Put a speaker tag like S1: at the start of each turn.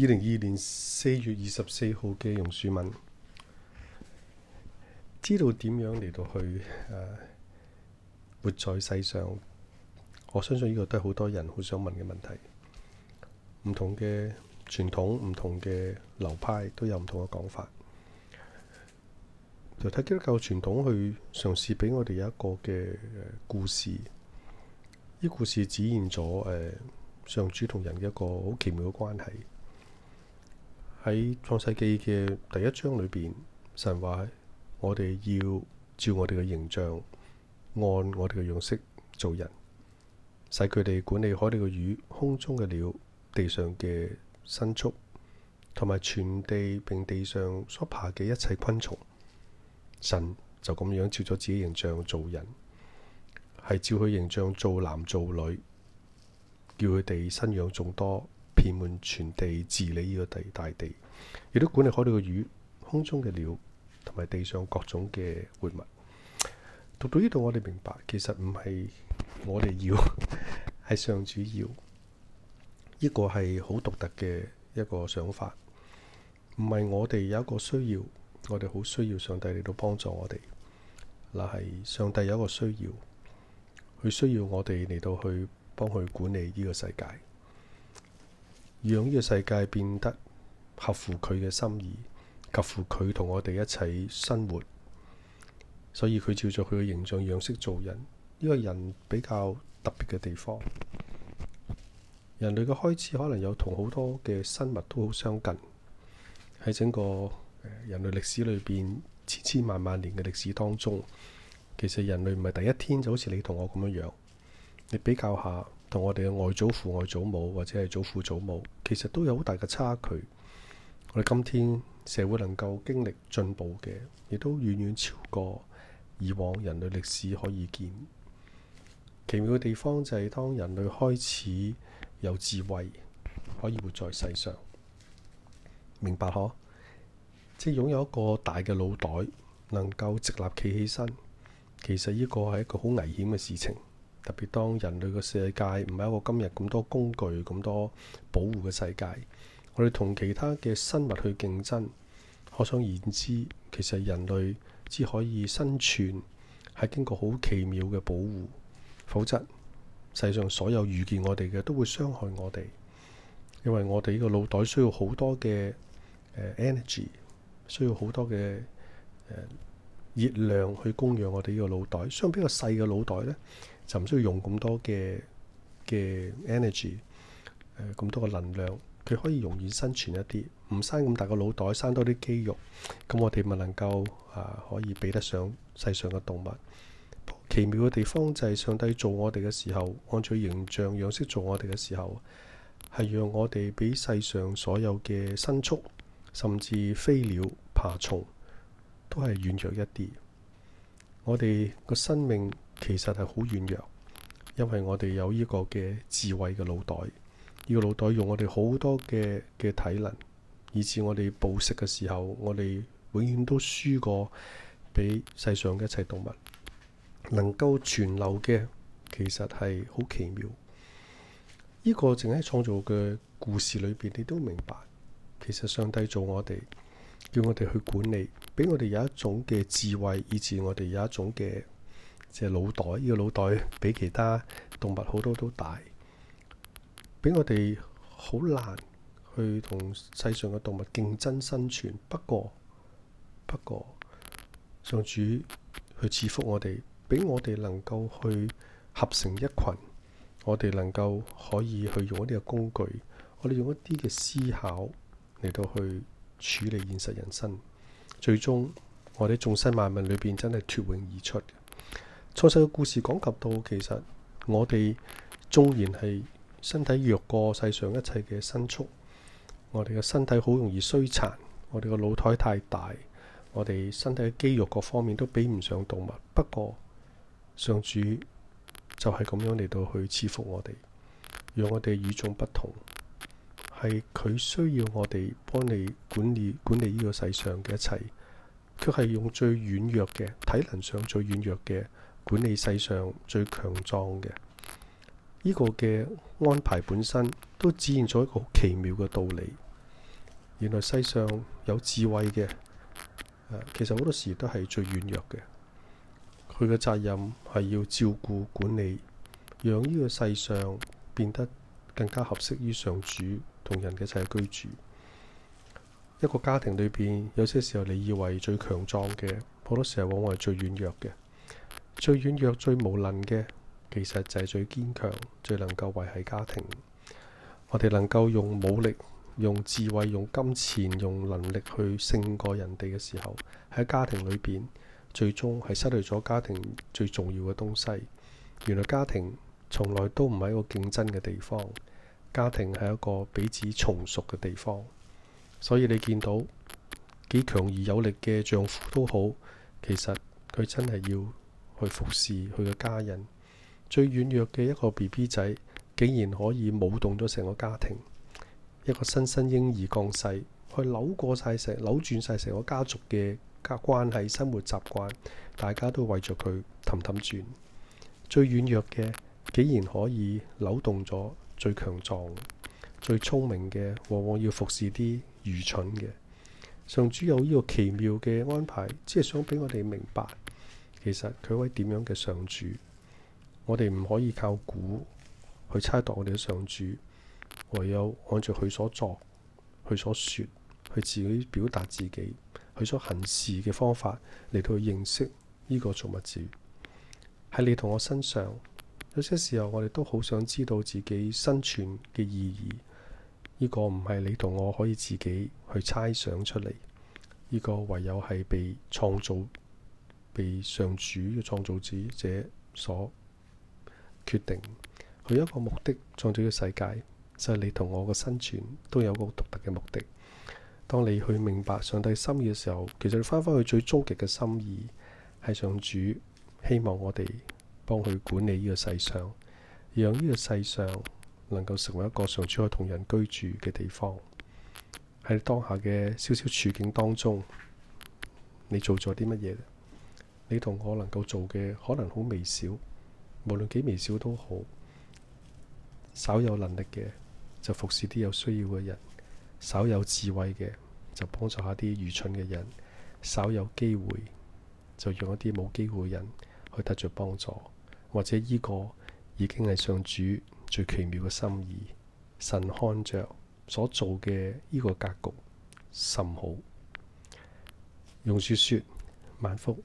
S1: 二零二二年四月二十四號嘅榕樹文，知道點樣嚟到去，啊、活在世上。我相信呢個都係好多人好想問嘅問題。唔同嘅傳統，唔同嘅流派都有唔同嘅講法。就睇基督教傳統去嘗試俾我哋一個嘅故事。呢、這個、故事展現咗誒、呃、上主同人嘅一個好奇妙嘅關係。喺創世記嘅第一章裏邊，神話我哋要照我哋嘅形象，按我哋嘅樣式做人，使佢哋管理海裏嘅魚、空中嘅鳥、地上嘅牲畜，同埋全地並地上所爬嘅一切昆蟲。神就咁樣照咗自己形象做人，係照佢形象做男做女，叫佢哋生養眾多。你們全地治理呢個地大地，亦都管理海裏嘅魚、空中嘅鳥同埋地上各種嘅活物。讀到呢度，我哋明白，其實唔係我哋要，係上主要。呢個係好獨特嘅一個想法，唔係我哋有一個需要，我哋好需要上帝嚟到幫助我哋。嗱，係上帝有一個需要，佢需要我哋嚟到去幫佢管理呢個世界。讓呢個世界變得合乎佢嘅心意，及乎佢同我哋一齊生活。所以佢照着佢嘅形象樣式做人，呢個人比較特別嘅地方。人類嘅開始可能有同好多嘅生物都好相近。喺整個人類歷史裏邊，千千萬萬年嘅歷史當中，其實人類唔係第一天就好似你同我咁樣樣。你比較下。同我哋嘅外祖父、外祖母或者係祖父、祖母，其實都有好大嘅差距。我哋今天社會能夠經歷進步嘅，亦都遠遠超過以往人類歷史可以見。奇妙嘅地方就係當人類開始有智慧，可以活在世上，明白嗬？即係擁有一個大嘅腦袋，能夠直立企起身，其實，呢個係一個好危險嘅事情。特別當人類嘅世界唔係一個今日咁多工具、咁多保護嘅世界，我哋同其他嘅生物去競爭。可想而知，其實人類只可以生存係經過好奇妙嘅保護，否則世上所有遇見我哋嘅都會傷害我哋。因為我哋呢個腦袋需要好多嘅 energy，需要好多嘅誒熱量去供養我哋呢個腦袋。相比個細嘅腦袋呢，就唔需要用咁多嘅嘅 energy，呃，咁多嘅能量，佢可以容易生存一啲，唔生咁大個腦袋，生多啲肌肉，咁我哋咪能夠啊可以比得上世上嘅動物。奇妙嘅地方就係上帝造我哋嘅時候，按照形象樣式造我哋嘅時候，係讓我哋比世上所有嘅牲畜，甚至飛鳥爬蟲都係軟弱一啲。我哋個生命。其實係好軟弱，因為我哋有呢個嘅智慧嘅腦袋，呢個腦袋用我哋好多嘅嘅體能，以至我哋捕食嘅時候，我哋永遠都輸過俾世上嘅一切動物。能夠存留嘅，其實係好奇妙。呢個淨喺創造嘅故事裏邊，你都明白，其實上帝造我哋，叫我哋去管理，俾我哋有一種嘅智慧，以至我哋有一種嘅。即係腦袋，呢、這個腦袋比其他動物好多都大，俾我哋好難去同世上嘅動物競爭生存。不過不過，上主去賜福我哋，俾我哋能夠去合成一群我哋能夠可以去用一啲嘅工具，我哋用一啲嘅思考嚟到去處理現實人生。最終，我哋眾生萬物裏邊真係脱穎而出。創世嘅故事講及到，其實我哋縱然係身體弱過世上一切嘅牲畜，我哋嘅身體好容易衰殘，我哋個腦袋太大，我哋身體嘅肌肉各方面都比唔上動物。不過，上主就係咁樣嚟到去賜福我哋，讓我哋與眾不同。係佢需要我哋幫你管理管理呢個世上嘅一切，佢係用最軟弱嘅體能上最軟弱嘅。管理世上最強壯嘅，呢個嘅安排本身都展現咗一個奇妙嘅道理。原來世上有智慧嘅，其實好多時都係最軟弱嘅。佢嘅責任係要照顧管理，讓呢個世上變得更加合適於上主同人嘅一齊居住。一個家庭裏邊，有些時候你以為最強壯嘅，好多時候往往係最軟弱嘅。最軟弱、最無能嘅，其實就係最堅強、最能夠維係家庭。我哋能夠用武力、用智慧、用金錢、用能力去勝過人哋嘅時候，喺家庭裏邊最終係失去咗家庭最重要嘅東西。原來家庭從來都唔係一個競爭嘅地方，家庭係一個彼此從屬嘅地方。所以你見到幾強而有力嘅丈夫都好，其實佢真係要去服侍佢嘅家人，最軟弱嘅一個 B B 仔，竟然可以舞動咗成個家庭。一個新生嬰兒降世，去扭過晒成扭轉晒成個家族嘅家關係、生活習慣，大家都圍着佢氹氹轉。最軟弱嘅，竟然可以扭動咗最強壯、最聰明嘅，往往要服侍啲愚蠢嘅。上主有呢個奇妙嘅安排，即係想俾我哋明白。其實佢會點樣嘅上主，我哋唔可以靠估去猜度我哋嘅上主，唯有按照佢所作、佢所説、佢自己表達自己、佢所行事嘅方法嚟到去認識呢個造物主。喺你同我身上，有些時候我哋都好想知道自己生存嘅意義。呢個唔係你同我可以自己去猜想出嚟，呢個唯有係被創造。被上主嘅創造者所決定，佢一個目的創造呢個世界，就係、是、你同我嘅生存都有個獨特嘅目的。當你去明白上帝心意嘅時候，其實你翻翻去最終極嘅心意，係上主希望我哋幫佢管理呢個世上，讓呢個世上能夠成為一個上主可以同人居住嘅地方。喺你當下嘅小小處境當中，你做咗啲乜嘢？你同我能夠做嘅可能好微小，無論幾微小都好。稍有能力嘅就服侍啲有需要嘅人；稍有智慧嘅就幫助下啲愚蠢嘅人；稍有機會就讓一啲冇機會嘅人去得着幫助。或者呢個已經係上主最奇妙嘅心意。神看着所做嘅呢個格局甚好。用書說萬福。